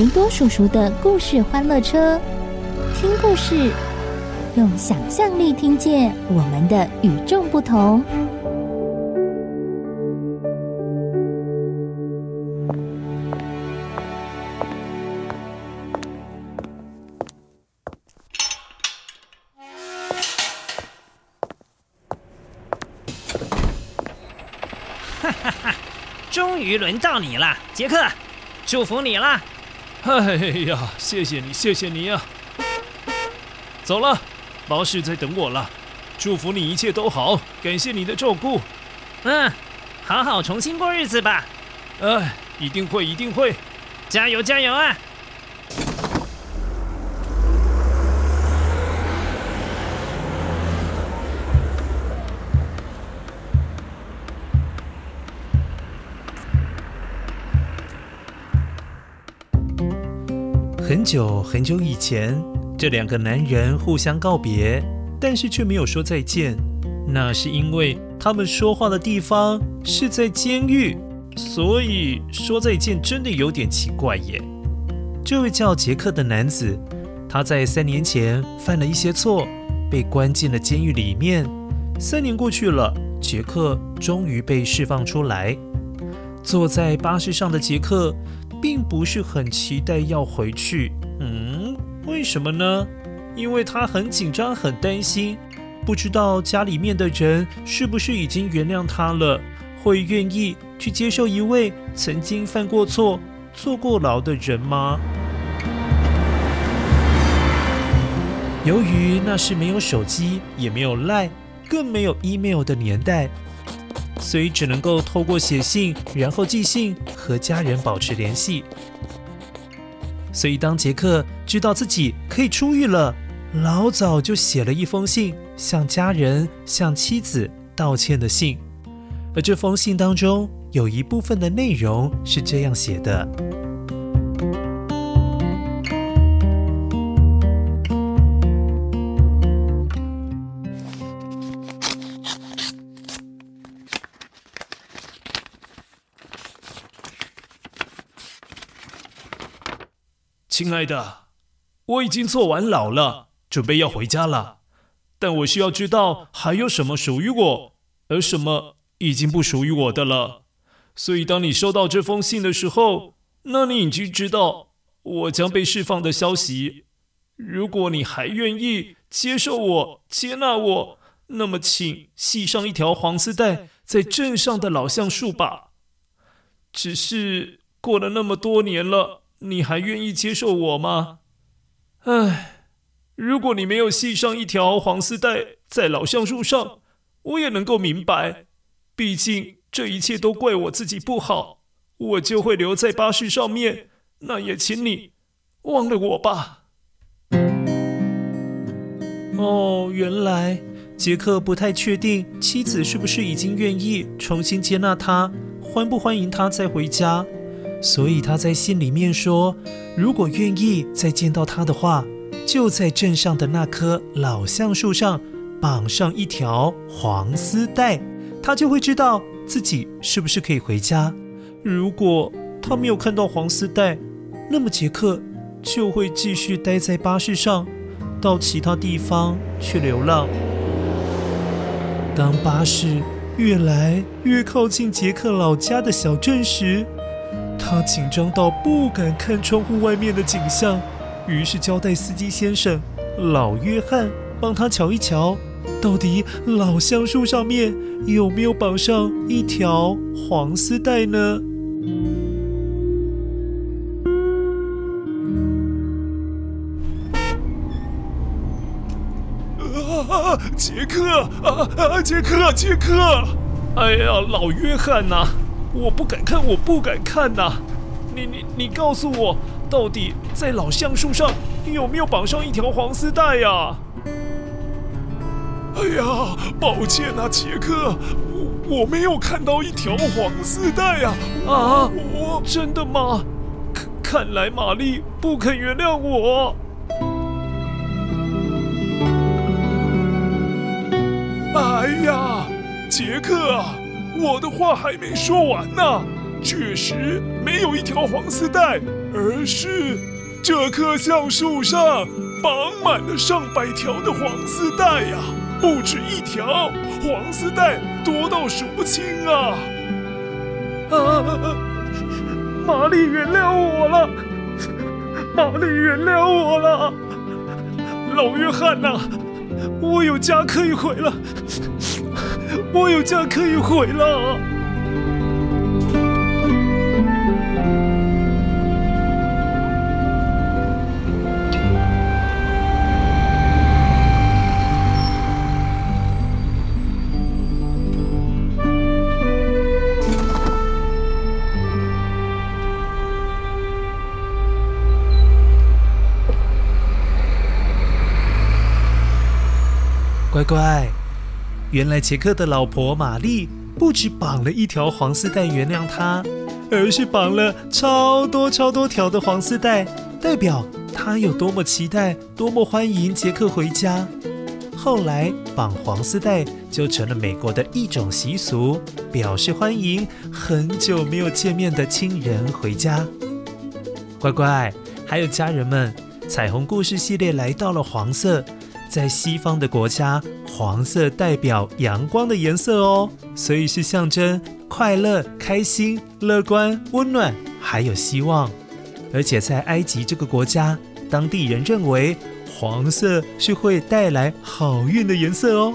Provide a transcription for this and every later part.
維多叔叔的故事，歡樂車，聽故事，用想象力聽見我們的與眾不同。哈哈哈哈！終於輪到你了，傑克，祝福你了。哎呀，謝謝你，謝謝你呀、啊！走了，毛氏在等我了。祝福你一切都好，感謝你的照顧。嗯，好好重新過日子吧。哎，一定會，一定會，加油加油啊！很久很久以前，這兩個男人互相告別，但是卻沒有說再見。那是因為他們說話的地方是在監獄，所以說再見真的有點奇怪耶。這位叫傑克的男子，他在三年前犯了一些錯，被關進了監獄裡面。三年過去了，傑克終於被釋放出來。坐在巴士上的傑克，並不是很期待要回去，嗯，為什麼呢？因為他很緊張，很擔心，不知道家裡面的人是不是已經原諒他了，會願意去接受一位曾經犯過錯、坐過牢的人嗎？由於那是沒有手機，也沒有賴，更沒有 email 的年代。所以只能夠透過寫信，然後寄信和家人保持聯繫。所以當傑克知道自己可以出獄了，老早就寫了一封信向家人、向妻子道歉的信。而這封信當中有一部分的內容是這樣寫的。親愛的，我已經做完牢了，準備要回家了。但我需要知道還有什麼屬於我，而什麼已經不屬於我的了。所以，當你收到這封信的時候，那你已經知道我將被釋放的消息。如果你還願意接受我、接納我，那麼請繫上一條黃絲帶，在鎮上的老橡樹吧。只是過了那麼多年了。你還願意接受我嗎？唉，如果你沒有繫上一條黃絲帶在老橡樹上，我也能夠明白。畢竟這一切都怪我自己不好，我就會留在巴士上面。那也請你忘了我吧。哦，原來傑克不太確定妻子是不是已經願意重新接納他，歡不歡迎他再回家。所以他在信裡面說，如果願意再見到他的話，就在鎮上的那棵老橡樹上綁上一條黃絲帶，他就會知道自己是不是可以回家。如果他沒有看到黃絲帶，那麼傑克就會繼續待在巴士上，到其他地方去流浪。當巴士越來越靠近傑克老家的小鎮時，他緊張到不敢看窗戶外面的景象，於是交代司機先生老約翰幫他瞧一瞧，到底老橡樹上面有沒有綁上一條黃絲帶呢？啊！傑克！啊啊！傑克！傑克！哎呀，老約翰吶！啊！我不敢看，我不敢看吶、啊！你你你，你告訴我，到底在老橡樹上有沒有綁上一條黃絲帶呀、啊？哎呀，抱歉啊，傑克，我我沒有看到一條黃絲帶呀、啊！啊啊！我真的嗎？看看來瑪麗不肯原諒我。哎呀，傑克、啊！我的話還沒說完呢，確實沒有一條黃絲帶，而是這棵橡樹上綁滿了上百條的黃絲帶呀、啊，不止一條，黃絲帶多到數不清啊！啊，瑪麗原諒我了，瑪麗原諒我了，老約翰吶、啊，我有家可以回了。我有家可以回了，乖乖。原來傑克的老婆瑪麗不只綁了一條黃絲帶原諒他，而是綁了超多超多條的黃絲帶，代表她有多麼期待、多麼歡迎傑克回家。後來綁黃絲帶就成了美國的一種習俗，表示歡迎很久沒有見面的親人回家。乖乖，還有家人們，彩虹故事系列來到了黃色。在西方的國家，黃色代表陽光的顏色哦，所以是象徵快樂、開心、樂觀、溫暖，還有希望。而且在埃及這個國家，當地人認為黃色是會帶來好運的顏色哦。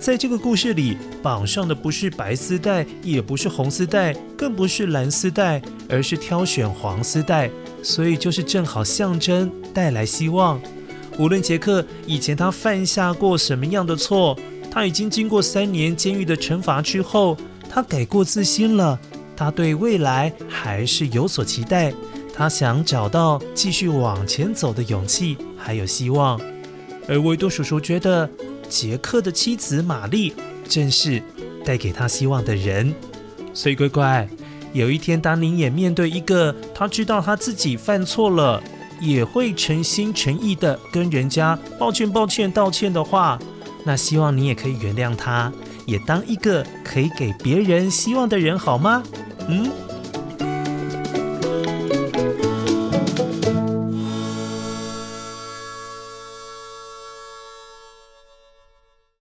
在這個故事裡，綁上的不是白絲帶，也不是紅絲帶，更不是藍絲帶，而是挑選黃絲帶，所以就是正好象徵帶來希望。無論傑克以前他犯下過什麼樣的錯，他已經經過三年監獄的懲罰之後，他改過自新了。他對未來還是有所期待，他想找到繼續往前走的勇氣還有希望。而維多叔叔覺得傑克的妻子瑪麗正是帶給他希望的人，所以乖乖，有一天當你也面對一個他知道他自己犯錯了。也會誠心誠意的跟人家抱歉、抱歉、道歉的話，那希望你也可以原諒他，也當一個可以給別人希望的人，好嗎？嗯。